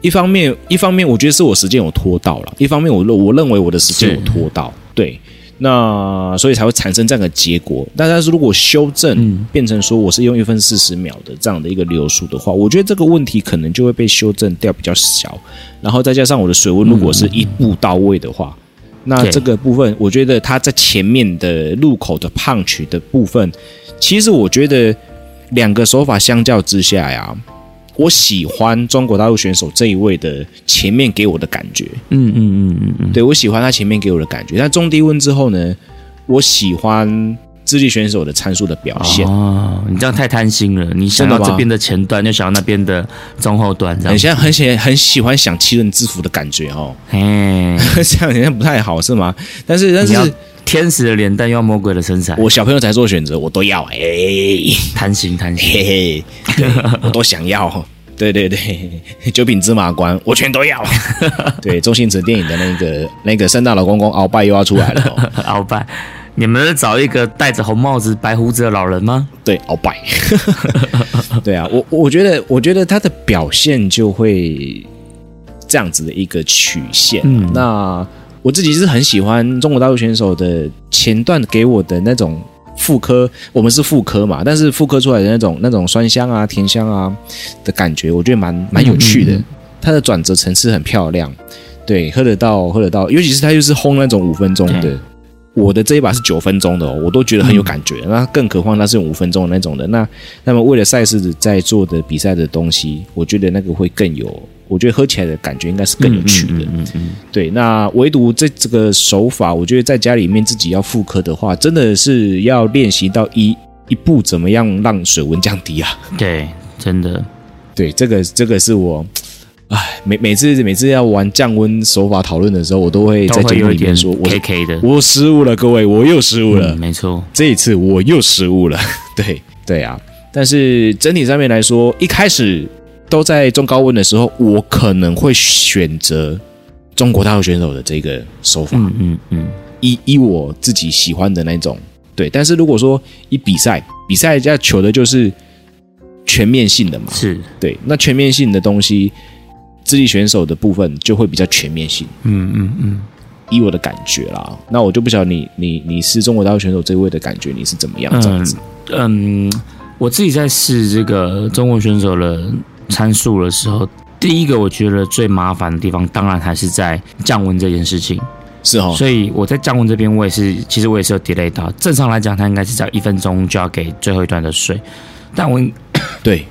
一方面，一方面，我覺得是我時間有拖到了；一方面我，我我認為我的時間有拖到，是對。那所以才會產生這樣的結果。但是，如果修正變成說我是用一分四十秒的這樣的一個流速的話，嗯、我覺得這個問題可能就會被修正掉比較小。然後再加上我的水溫如果是一步到位的話，嗯嗯嗯，那這個部分我覺得它在前面的入口的胖曲的部分，其實我覺得兩個手法相較之下呀。我喜歡中國大陸選手這一位的前面給我的感覺，嗯嗯嗯嗯，嗯嗯嗯對，我喜歡他前面給我的感覺。但中低溫之後呢，我喜歡智利選手的參數的表現。哦，你這樣太貪心了，你想到這邊的前端，嗎就想到那邊的中後端。這樣你現在很喜很喜歡享齊人之福的感覺哦，嘿 這樣好像不太好是嗎？但是但是。天使的臉蛋，要魔鬼的身材。我小朋友才做選擇，我都要哎，貪心貪心，欸、嘿嘿，我都想要。對對對，九品芝麻官，我全都要。 對，周星馳電影的那個那個聖誕老公公，鰲拜又要出來了。鰲 拜，你們是找一個戴着紅帽子、白鬍子的老人嗎？對，鰲拜。 對啊，我我覺得，我覺得他的表現就會這樣子的一個曲線。嗯、那。我自己是很喜歡中國大陸選手的前段給我的那種復刻，我們是復刻嘛，但是復刻出來的那種那種酸香啊、甜香啊的感覺，我覺得蠻蠻有趣的。它的轉折層次很漂亮，對，喝得到，喝得到，尤其是它就是烘那種五分鐘的，我的這一把是九分鐘的、哦，我都覺得很有感覺。那更何況那是五分鐘的那種的，那那麼為了賽事在做的比賽的東西，我覺得那個會更有。我覺得喝起來的感覺應該是更有趣的嗯，嗯，嗯嗯對。那唯獨這這個手法，我覺得在家裡面自己要復刻的話，真的是要練習到一一步，怎麼樣讓水溫降低啊？對，真的。對，這個這個是我，哎，每每次每次要玩降溫手法討論的時候，我都會在節目裡面說，KK 我 K K 的，我失誤了，各位，我又失誤了，嗯、沒錯，這一次我又失誤了，對對啊。但是整體上面來說，一開始。都在中高溫的時候，我可能會選擇中國大陸選手的這個手法，嗯嗯嗯，嗯嗯依依我自己喜歡的那種，對。但是如果說以比賽，比賽要求的就是全面性的嘛，是對。那全面性的東西，智利選手的部分就會比較全面性，嗯嗯嗯。嗯嗯依我的感覺啦，那我就不曉得你你你是中國大陸選手這位的感覺你是怎麼樣、嗯、這樣子嗯？嗯，我自己在試這個中國選手的。參數的時候，第一個我覺得最麻煩的地方，當然還是在降溫這件事情。是哦，所以我在降溫這邊，我也是，其實我也是有 delay 到。正常來講，它應該是只要一分鐘就要給最後一段的水，但我對，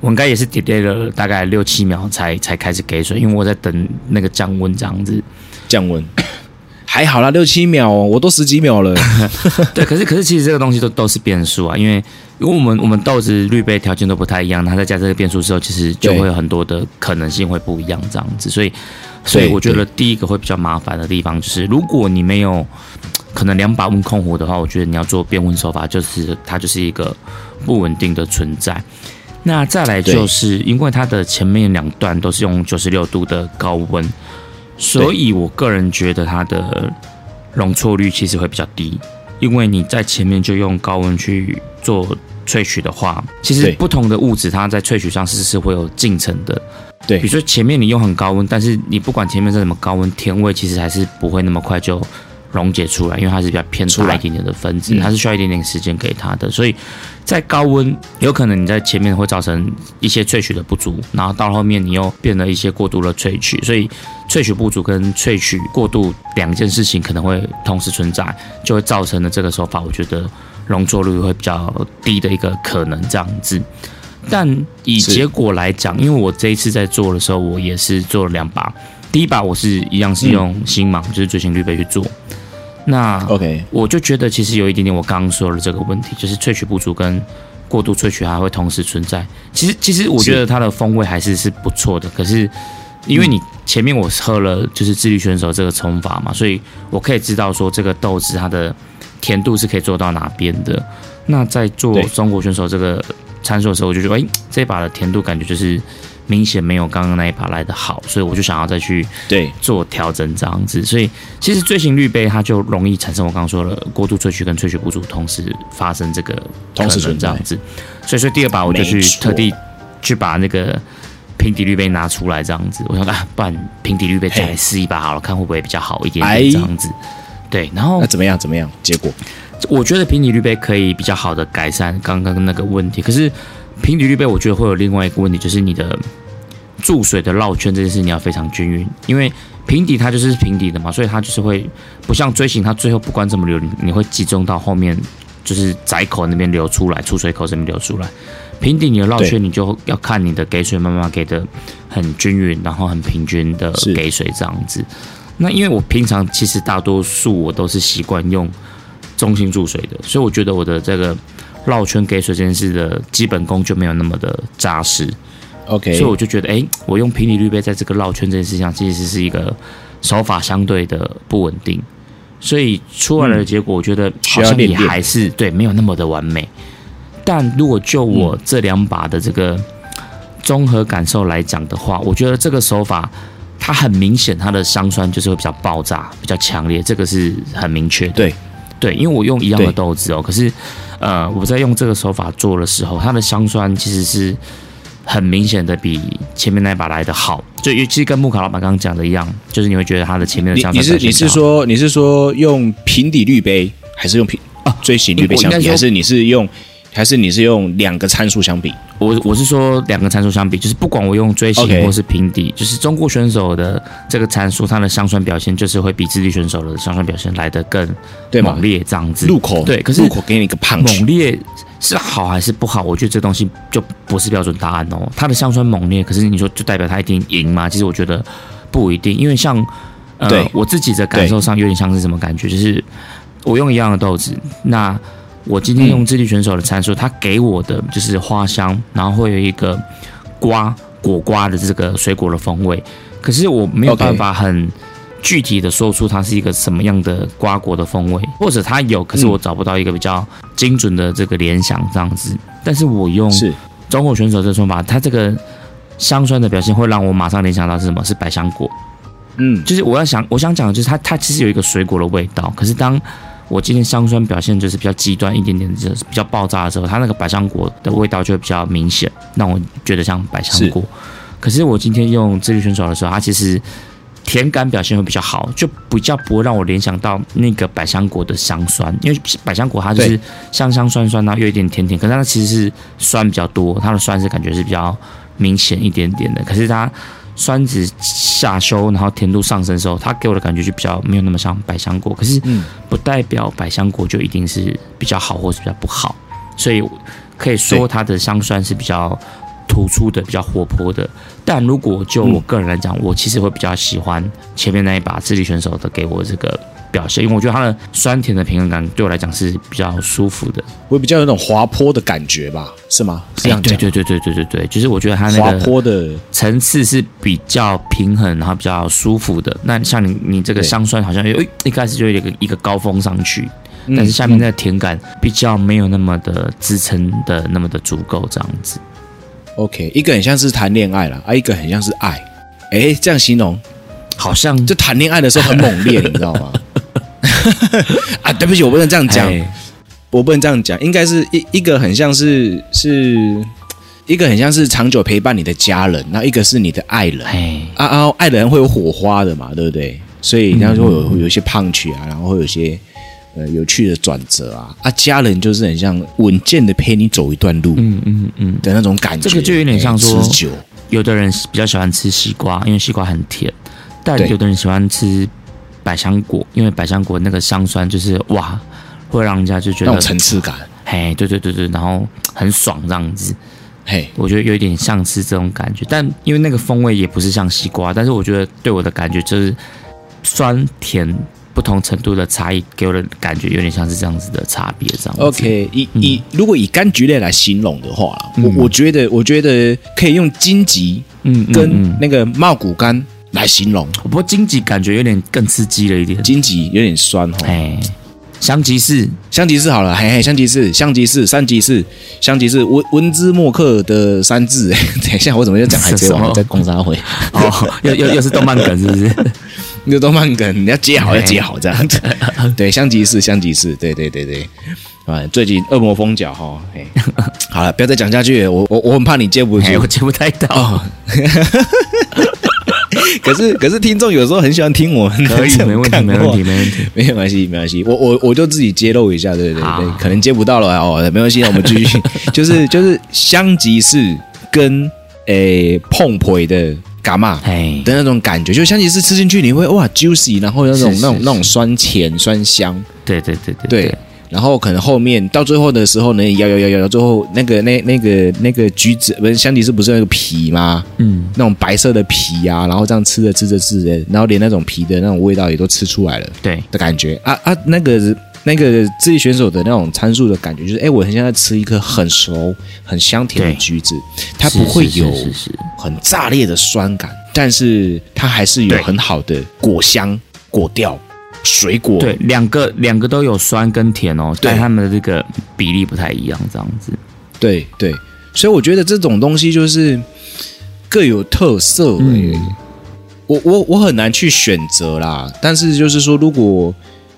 我應該也是 delay 了大概六七秒才才開始給水，因為我在等那個降溫這樣子，降溫。還好啦，六七秒，我都十幾秒了。 對，可是可是其實這個東西都都是變數啊，因為如果我們我們豆子濾杯條件都不太一樣，它在加這個變數之後，其實就會有很多的可能性會不一樣這樣子。對所以所以我覺得第一個會比較麻煩的地方就是，如果你沒有可能兩把溫控壺的話，我覺得你要做變溫手法，就是它就是一個不穩定的存在。那再來就是對因為它的前面兩段都是用九十六度的高溫。所以，我個人覺得它的容錯率其實會比較低，因為你在前面就用高溫去做萃取的話，其實不同的物質它在萃取上是是會有進程的。對，比如說前面你用很高溫，但是你不管前面是什麼高溫，甜味其實還是不會那麼快就溶解出來，因為它是比較偏出來一點點的分子，它是需要一點點時間給它的，所以。在高溫，有可能你在前面會造成一些萃取的不足，然後到後面你又變了一些過度的萃取，所以萃取不足跟萃取過度兩件事情可能會同時存在，就會造成了這個手法，我覺得容錯率會比較低的一個可能這樣子。但以結果來講，是因為我這一次在做的時候，我也是做了兩把，第一把我是一樣是用星芒，嗯、就是錐形濾杯去做。那 OK，我就覺得其實有一點點，我剛說的這個問題，就是萃取不足跟過度萃取還會同時存在。其實，其實我覺得它的風味還是是不錯的。可是，因為你前面我喝了就是智利選手這個沖法嘛，所以我可以知道說這個豆子它的甜度是可以做到哪邊的。那在做中國選手這個參數的時候，我就覺得，哎、欸，這一把的甜度感覺就是。明顯沒有剛剛那一把來的好，所以我就想要再去對做調整這樣子，對所以其實錐形濾杯它就容易產生我剛剛說了過度萃取跟萃取不足同時發生這個可能這樣子，所以說第二把我就去特地去把那個平底濾杯拿出來這樣子，錯我想啊，不然平底濾杯再試一把好了，嘿看會不會比較好一點點這樣子，唉對，然後那怎麼樣？怎麼樣？結果我覺得平底濾杯可以比較好的改善剛剛那個問題，可是。平底濾杯，我覺得會有另外一個問題，就是你的注水的繞圈這件事，你要非常均勻，因為平底它就是平底的嘛，所以它就是會不像錐形，它最後不管怎麼流，你會集中到後面，就是窄口那邊流出來，出水口這邊流出來。平底你的繞圈，你就要看你的給水慢慢給的很均勻，對然後很平均的給水這樣子。是那因為我平常其實大多數我都是習慣用中心注水的，所以我覺得我的這個。繞圈給水這件事的基本功就沒有那麼的扎實，OK，所以我就覺得，哎，我用平底濾杯在這個繞圈這件事上，其實是一個手法相對的不穩定，所以出來的結果、嗯、我覺得好像也還是練練對，沒有那麼的完美。但如果就我這兩把的這個綜合感受來講的話，我覺得這個手法它很明顯，它的香酸就是會比較爆炸，比較強烈，這個是很明確的。對，對，因為我用一樣的豆子哦，對可是。呃、嗯，我在用這個手法做的時候，它的香酸其實是很明顯的比前面那把來的好，就尤其跟睦卡老闆剛剛講的一樣，就是你會覺得它的前面的香酸比較好。你，你是你是說你是說用平底濾杯還是用平啊錐形濾杯香？還是你是用？還是你是用兩個參數相比？我我是說兩個參數相比，就是不管我用錐形或是平底，Okay. 就是中國選手的這個參數，他的香酸表現就是會比智利選手的香酸表現來得更猛烈這樣子。入口對，可是入口給你一個判斷猛烈是好還是不好？我覺得這東西就不是標準答案哦、喔。他的香酸猛烈，可是你說就代表他一定贏嗎？嗯、其實我覺得不一定，因為像呃對我自己的感受上有點像是什麼感覺，就是我用一樣的豆子，那。我今天用智利選手的參數，嗯，他給我的就是花香，然後會有一個瓜果瓜的這個水果的風味，可是我沒有辦法很具體的說出它是一個什麼樣的瓜果的風味，或者它有，可是我找不到一個比較精準的這個聯想這樣子。但是我用中國選手這說法，它這個香酸的表現會讓我馬上聯想到是什麼？是百香果。嗯，就是我要想，我想講的就是它，它其實有一個水果的味道，可是當。我今天香酸表現就是比較極端一點點，就是比較爆炸的時候，它那個百香果的味道就會比較明顯，讓我覺得像百香果。是可是我今天用智利選手的時候，它其實甜感表現會比較好，就比較不會讓我聯想到那個百香果的香酸，因為百香果它就是香香酸酸啊，然後又一點甜甜，對可是它其實是酸比較多，它的酸是感覺是比較明顯一點點的，可是它，酸質下修，然後甜度上升的時候，它給我的感覺就比較沒有那麼像百香果。可是，嗯，不代表百香果就一定是比較好或是比較不好。所以可以說它的香酸是比較突出的，比較活潑的。但如果就我個人來講，嗯、我其實會比較喜歡前面那一把智利選手的給我這個。表現，因為我覺得它的酸甜的平衡感對我來講是比較舒服的，我比較有那種滑坡的感覺吧。是嗎？是這樣講對、欸、對對對對對對，就是我覺得它那個坡的層次是比較平衡，然後比較舒服的。那像你你這個香酸好像有，誒對、欸，一開始就有一個一個高峰上去，但是下面那個甜感比較沒有那麼的支撐的那麼的足夠這樣子。OK，一個很像是談戀愛了，啊，一個很像是愛，哎、欸，這樣形容好像就談戀愛的時候很猛烈，你知道嗎？ 啊，對不起，我不能這樣講，Hey. 我不能這樣講。應該是一一個很像是，是一個很像是長久陪伴你的家人，然後一個是你的愛人。Hey. 啊啊，愛的人會有火花的嘛，對不對？所以，那時會有、嗯、有一些胖曲啊，然後會有些呃有趣的轉折啊。啊，家人就是很像穩健的陪你走一段路，嗯嗯嗯的那種感覺、嗯嗯嗯。這個就有點像說，欸、持久有的人比較喜歡吃西瓜，因為西瓜很甜，但有的人喜歡吃。百香果，因為百香果那個香酸就是哇，會讓人家就覺得有層次感，嘿，對對對對，然後很爽這樣子，嘿，我覺得有點像是這種感覺，但因為那個風味也不是像西瓜，但是我覺得對我的感覺就是酸甜不同程度的差異，給我的感覺有點像是這樣子的差別這樣。OK，、嗯、以以如果以柑橘類來形容的話，嗯、嘛我我覺得我覺得可以用金桔，嗯，跟那個茂谷柑。嗯嗯嗯來形容，不過荊棘感覺有點更刺激了一點，荊棘有點酸哈、哦。哎、哦，香吉士，香吉士好了，嘿嘿，香吉士，香吉士，三吉士，香吉士，文，文斯莫克的三子、欸。哎， 現在我怎麼又講海賊王？在工商會哦，又又又是動漫梗，是不是？ 又動漫梗，你要接好 要接好嘿這樣子。對，香吉士，香吉士，對對對對，對，啊，最近惡魔風腳哈、哦，嘿 好了，不要再講下去了，我我我很怕你接不回去。我接不太到。哦 可是 可是，可是聽眾有時候很喜歡聽我們的，可以沒問題，沒問題，沒問題，沒有關係，沒關係。我我我就自己揭露一下，對對對。好對，可能接不到了哦，沒關係，我們繼續， 就是。就是就是，香吉士跟誒碰腿的伽馬的那種感覺，Hey. 就是香吉士吃進去你會哇 juicy，然後有那種那種那種酸甜酸香，對對對對對，對。然後可能後面到最後的時候呢，咬咬咬咬咬，最後那個那那個那個橘子不是香吉士，不是那個皮嗎？嗯，那種白色的皮呀，啊，然後這樣吃着吃着吃着，然後連那種皮的那種味道，也都吃出來了。對的感覺對啊啊，那個那個智利選手的那種參數的感覺，就是哎，我現在吃一顆很熟、很香甜的橘子，對它不會有很炸裂的酸感，但是它還是有很好的果香對果調。水果對，兩個兩個都有酸跟甜哦，對，他們的這個比例不太一樣，這樣子。對對，所以我覺得這種東西就是各有特色、嗯我。我我我很難去選擇啦。但是就是說，如果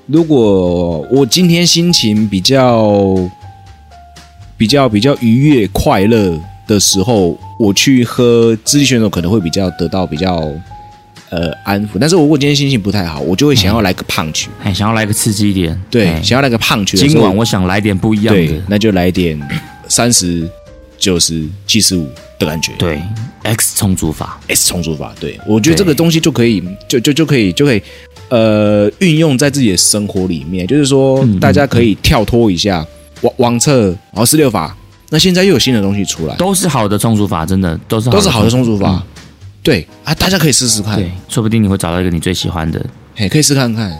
如果我今天心情比較比較比較愉悅快樂的時候，我去喝智利選手可能會比較得到比較。呃，安撫。但是我如果今天心情不太好，我就會想要來個龐克、嗯，哎、欸，想要來個刺激一點，對，想要來個龐克。今晚我想來點不一樣的，對，那就來點三十、九十、七十五的感覺。對、啊，X 沖煮法，X 沖煮法。對，我覺得這個東西就可以，就就就，就可以，就可以，呃，運用在自己的生活裡面。就是說，嗯、大家可以跳脫一下網網測，然後四六法。那現在又有新的東西出來，都是好的沖煮法，真的都是都是好的沖煮法。對啊，大家可以試試看對，說不定你會找到一個你最喜歡的，嘿，可以試看看。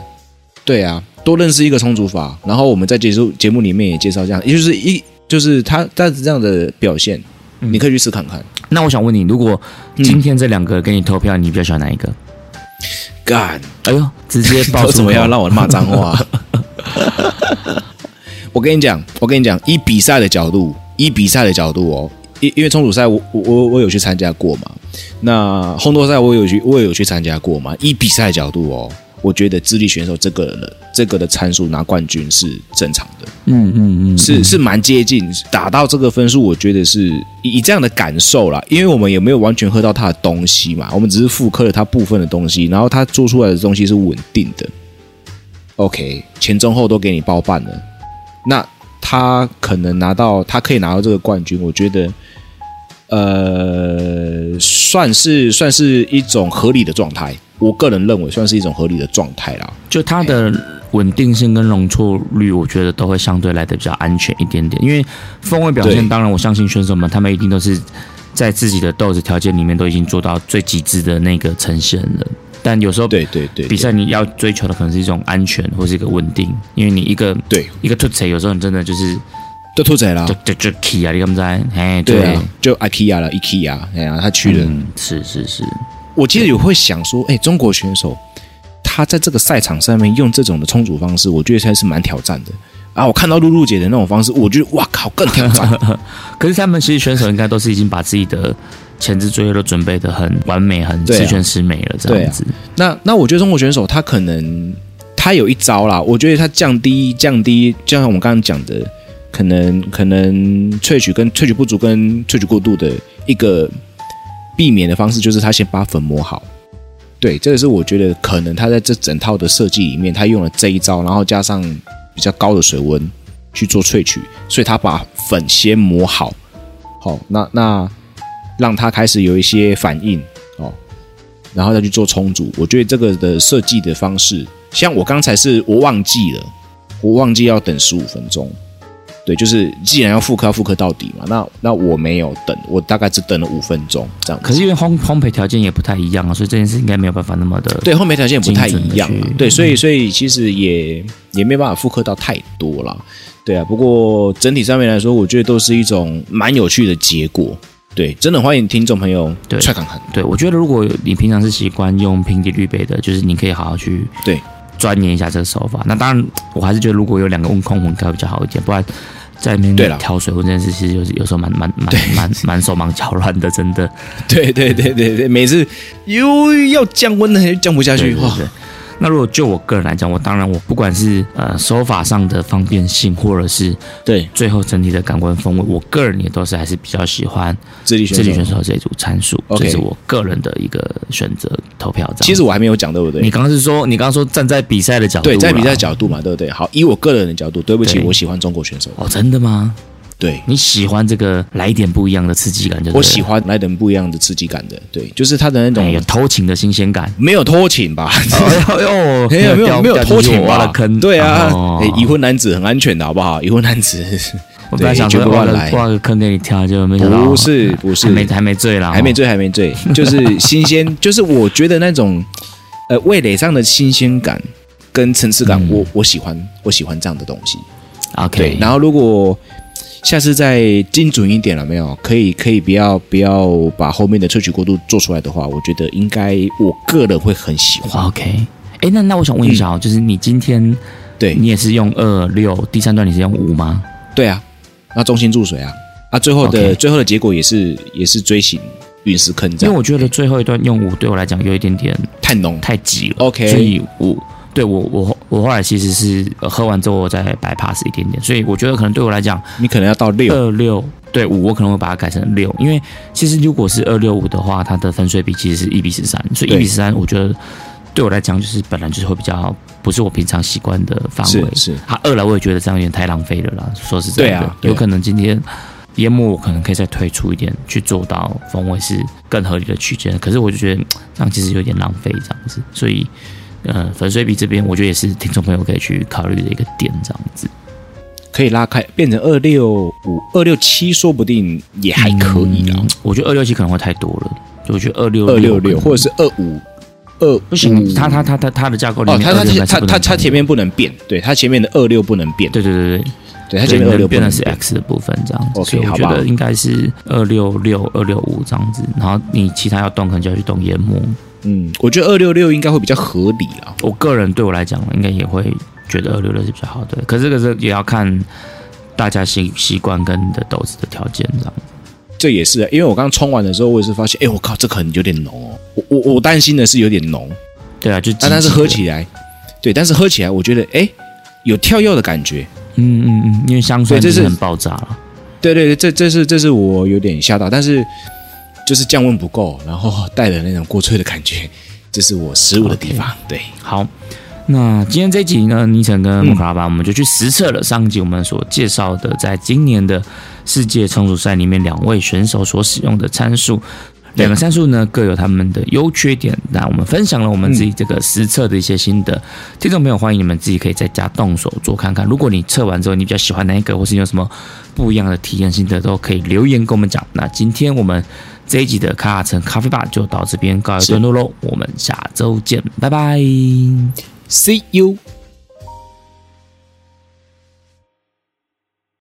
對啊，多認識一個沖煮法，然後我們在節目節目裡面也介紹這樣，也就是一就是他他是這樣的表現，嗯、你可以去試看看。那我想問你，如果今天這兩個給你投票，嗯、你比較喜歡哪一個？幹，哎呦，直接爆怎麼樣，要讓我罵髒話！ 我跟你講，我跟你講，以比賽的角度，以比賽的角度哦，因因為沖煮賽我，我我我有去參加過嘛。那烘托賽我有去，我也有去參加過嘛。以比賽角度哦，我覺得智利選手這個這個的參數拿冠軍是正常的。嗯嗯嗯，是是蠻接近，打到這個分數，我覺得是以，以這樣的感受啦。因為我們也沒有完全喝到他的東西嘛，我們只是複刻了他部分的東西，然後他做出來的東西是穩定的。OK，前中後都給你包辦了。那他可能拿到，他可以拿到這個冠軍，我覺得。呃，算是算是一種合理的狀態，我個人認為算是一種合理的狀態啦，就它的穩定性跟容錯率，我覺得都會相對來的比較安全一點點。因為風味表現，當然我相信選手們他們一定都是在自己的豆子條件裡面都已經做到最極致的那個呈現了。但有時候，對對對，比賽你要追求的可能是一種安全或是一個穩定，因為你一個對一個突刺，有時候你真的就是。就兔仔啦，就就就 IKEA 你不知道哎，嘿對，對啊，就 IKEA 啦 IKEA，哎呀，他去了。嗯，是是是，是我記得有會想說，哎、欸，中國選手他在這個賽場上面用這種的沖煮方式，我覺得還是蠻挑戰的啊。我看到露露姐的那種方式，我覺得哇靠，更挑戰。 可是他們其實選手應該都是已經把自己的前置最後都準備的很完美、很十全十美了，啊，這樣子。啊，那那我覺得中國選手他可能他有一招啦，我覺得他降低降低，就像我們剛剛講的。可能可能萃取跟萃取不足跟萃取過度的一個避免的方式，就是他先把粉磨好。對，這個是我覺得可能他在這整套的設計裡面，他用了這一招，然後加上比較高的水溫去做萃取，所以他把粉先磨好，好，那那讓他開始有一些反應哦，然後再去做沖煮。我覺得這個的設計的方式，像我剛才是我忘記了，我忘記要等十五分鐘。對，就是既然要復刻，要復刻到底嘛。那那我沒有等，我大概只等了五分鐘這樣。可是因為烘烘焙條件也不太一樣啊，所以這件事應該沒有辦法那麼的，的對烘焙條件也不太一樣。對，所以所以其實也也沒辦法復刻到太多了。對啊，不過整體上面來說，我覺得都是一種蠻有趣的結果。對，真的歡迎聽眾朋友。對，蔡康對，我覺得如果你平常是習慣用平底濾杯的，就是你可以好好去對鑽研一下這個手法。對那當然，我還是覺得如果有兩個溫控我應該會比較好一點，不然。在面對挑水壺這件事，其實有時有時候蠻蠻蠻蠻蠻手忙腳亂的，真的。 對對對對對，每次又要降溫，還降不下去，哇！對那如果就我個人來講，我當然我不管是呃手法上的方便性，或者是對最後整體的感官風味，對我個人也都是還是比較喜歡智利選、智利選手這一組參數，這 Okay 是我個人的一個選擇投票。其實我還沒有講，對不對？你剛剛是說，你剛剛說站在比賽的角度，對，在比賽角度嘛，對不對？好，以我個人的角度，對不起，對我喜歡中國選手哦，真的嗎？對，你喜歡這個來一點不一樣的刺激感，我喜歡來點不一樣的刺激感的，對，就是他的那種偷情的新鮮感，沒有偷情吧？沒有，沒有，沒有，偷情挖了坑，對啊，已婚男子很安全的好不好？已婚男子，我本來想說挖個坑給你跳，就沒想到不是不是，沒還沒醉了，還沒醉還沒醉，就是新鮮，就是我覺得那種呃味蕾上的新鮮感跟層次感，我我喜歡我喜歡這樣的東西。OK，然後如果。下次再精準一點了沒有？可以可以，不要不要把後面的萃取過度做出來的話，我覺得應該我個人會很喜歡。OK，哎、欸，那那我想問一下，嗯、就是你今天對，你也是用二六，第三段你是用五嗎？對啊，那中心注水啊，啊，最後的 Okay. 最後的結果也是也是錐形隕石坑這樣，因為我覺得最後一段用五對我來講有一點點太濃太急了。OK，所以五。對我，我我後來其實是、呃、喝完之後，我再 bypass 一點點，所以我覺得可能對我來講，你可能要到六二六，2, 6, 對五，5, 我可能會把它改成六，因為其實如果是二六五的話，它的粉水比其實是一比十三，所以一比十三，我覺得對，對我來講就是本來就是會比較不是我平常習慣的範圍。是是。啊，二來我也覺得這樣有點太浪費了啦。說是真的，啊，有可能今天研磨，我可能可以再推出一點，去做到風味是更合理的區間。可是我就覺得這樣其實有點浪費，這樣子，所以。嗯，粉水比這邊，我覺得也是聽眾朋友可以去考慮的一個點，這樣子可以拉開變成二六五、二六七，說不定也還可以呢、啊嗯，我覺得二六七可能會太多了，我覺得二六二六六或者是二五二不行，嗯、它它它它它的架構裡面，哦、它它它它，它，它，前它，它，它前面不能變，對它前面的二六不能變，對對對對，對它前面二六變的是 X 的部分，這樣子，okay, 所以我覺得應該是二六六二六五這樣子，然後你其他要動可能就要去動研磨。嗯，我覺得二六六應該會比較合理啊。我個人對我來講，應該也會覺得二六六是比較好的。可是這個是也要看大家習習慣跟的豆子的條件，這樣。這也是啊，因為我剛沖完的時候，我也是發現，哎，我靠，這個可能有點濃哦。我我我擔心的是有點濃。對啊，就但是是喝起來，對，但是喝起來我覺得，哎，有跳躍的感覺。嗯嗯嗯，因為香水就是很爆炸了，對。對對對，這這是這是我有點嚇到，但是。就是降溫不夠，然後帶的那種過萃的感覺，這是我失誤的地方。Okay. 對，好，那今天這集呢，倪橙 跟睦卡拉吧，嗯、我們就去實測了上集我們所介紹的，在今年的世界沖煮賽裡面，兩位選手所使用的參數。兩個參數呢，各有他們的優缺點，那我們分享了我們自己這個實測的一些心得，嗯、聽眾朋友歡迎你們自己可以在家動手做看看，如果你測完之後你比較喜歡哪一個，或是你有什麼不一樣的體驗心得，都可以留言跟我們講。那今天我們這一集的卡卡橙咖啡吧就到這邊告一段落嘍，是我們下周見，拜拜，See you。